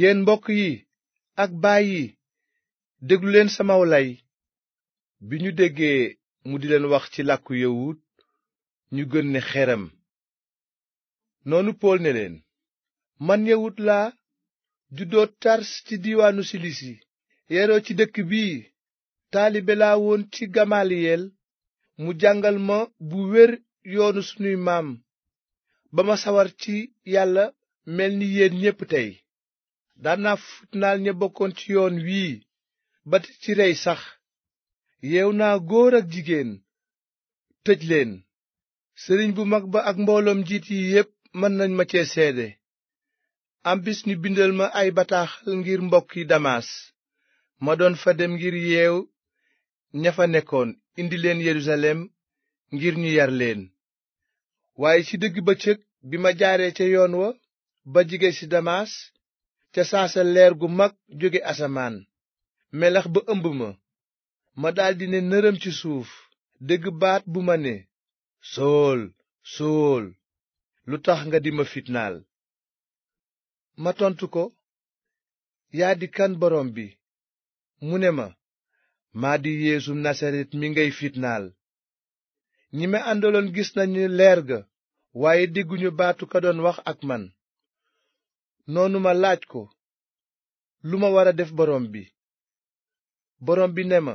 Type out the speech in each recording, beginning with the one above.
yéen mbokk yi ak baay yi dégluleen samaw lay bi ñu déggee mu di leen wax ci làkku yawut ñu gën ne xeram noonu pool ne leen man yawut laa juddoo tars ci diiwaanu silisi yeroo ci dëkk bi taalibe laa woon ci gamaliyel mu jàngal ma bu wér yoonu sunuy maam ba ma sawar ci yàlla mel ni yéen ñépp tey daan naa fitnaal ña bokkoon ci yoon wii ba ci rey sax yeew naa góor ak jigéen tëj leen sëriñ bu mag ba ak mbooloom njiit yi yépp mën nañ ma cee seede am bis ñu bindal ma ay bataax ngir mbokki damaas ma doon fa dem ngir yeew ña fa nekkoon indi leen yerusalem ngir ñu yar leen waaye ci dëgg bëccëg bi ma jaaree ca yoon wa ba jige ci damaas ca saasa leer gu mag jóge asamaan melax ba ëmb ma ma daldi ne nërëm ci suuf dégg baat bu ma ne sóol sóol lu tax nga di ma fitnaal ma tontu ko yaa di kan borom bi mu ne ma maa di yeesu nasaret mi ngay fitnaal ñi ma àndaloon gis nañu leer ga waaye dégguñu baatu ka doon wax ak man noonu ma laaj ko lu ma war a def borom bi borom bi ne ma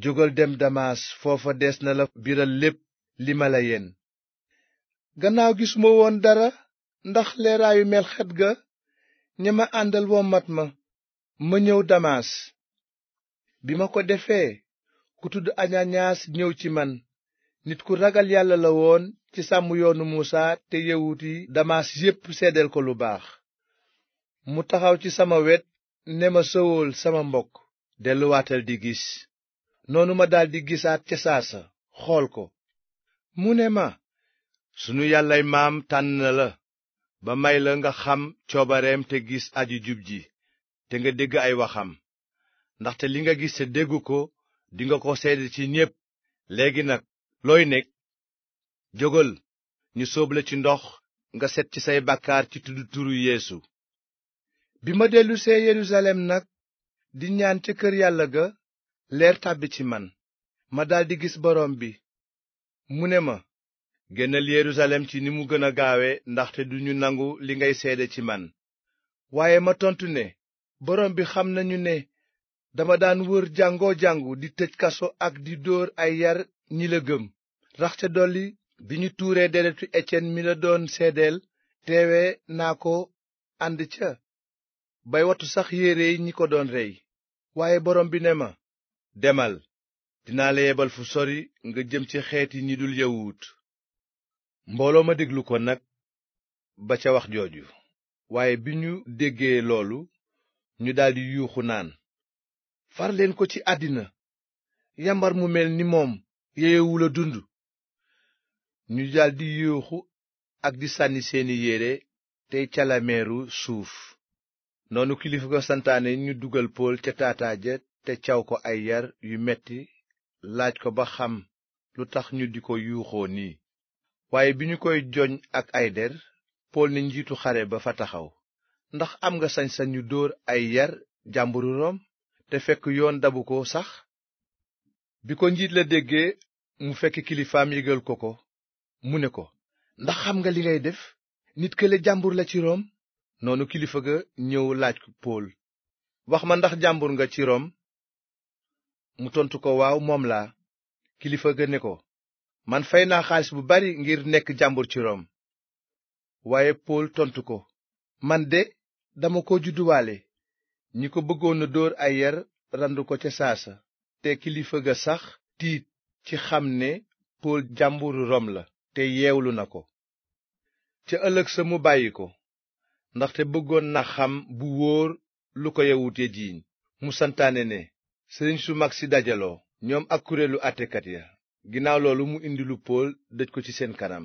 jógal dem damaas foofa dees na la biral lépp li ma la yenn gannaaw gisuma woon dara ndax leeraayu melxet ga ña ma àndal wommat ma ma ñëw damaas bi ma ko defee ku tudd ananiyaas ñëw ci man nit ku ragal yàlla la woon ci sàmm yoonu muusa te yawut yi damaas yépp seddal ko lu baax mu taxaw ci sama wet ne ma sówóol sama mbokk delluwaatal di gis noonu ma daldi gisaat ca saasa xool ko mu ne ma sunu yàllay maam tànn na la ba may la nga xam coobareem te gis aju jub ji te nga dégg ay waxam ndaxte li nga gis te dégg ko dinga ko seede ci ñépp léegi nag looy nekk jógal ñu sooble ci ndox nga set ci say bàkkaar ci tudd turu yeesu bi ma dellusee yerusalem nag di ñaan ca kër yàlla ga leer tàbbi ci man ma daldi gis boroom bi mu ne ma génnal yerusalem ci ni mu gën a gaawe ndaxte duñu nangu li ngay seede ci man waaye ma tontu ne boroom bi xam nañu ne dama daan wër jàngoo jàngu di tëj kaso ak di dóor ay yar ñi la gëm rax ca dolli bi ñu tuuree deretu Etienne mi la doon seedeel teewe naa ko ànd ca bay wattu sax yére yérey ñi ko doon rey waaye borom bi ne ma demal dinaa la yebal fu sori nga jëm ci xeet yi ñi dul yawut mbooloo ma déglu ko nag ba ca wax jooju waaye bi ñu déggee loolu ñu daldi yuuxu naan farleen ko ci àddina yambar mu mel ni moom yeyewul a dund ñu daldi yuuxu ak di sànni seeni yére tey calameeru suuf noonu kilifa ga santaane ñu dugal pool ca taataa ja te caw ko ay yar yu metti laaj ko ba xam lu tax ñu di ko yuuxoo nii waaye bi ñu koy joñ ak ay der pool ne njiitu xare ba fa taxaw ndax am nga sañ yu dóor ay yar jàmburu room te fekk yoon dabu ko sax bi ko njiit la déggee mu fekk kilifaam yëgal ko ko mu ne ko ndax xam nga li ngay def nit kële jàmbur la ci room noonu kilifa ga ñëw laaj pool wax ma ndax jàmbur nga ci rom mu tontu ko waaw moom laa kilifa ga ne ko man fay naa xaalis bu bari ngir nekk jàmbur ci rom waaye pool tontu ko man de dama ko judduwaale ñi ko bëggoon a dóor ay yar randu ko ca saasa te kilifa ga sax tiit ci xam ne pool jàmburu rom la te yeewlu na ko ca ëllëg sa mu bàyyi ko ndaxte bëggoon na xam bu wóor lu ko yawut ya jiiñ ne sëriñ su mag si dajaloo ñoom ak kuréelu àttekat ya ginnaaw loolu mu indi lu pool dëj ko ci seen kanam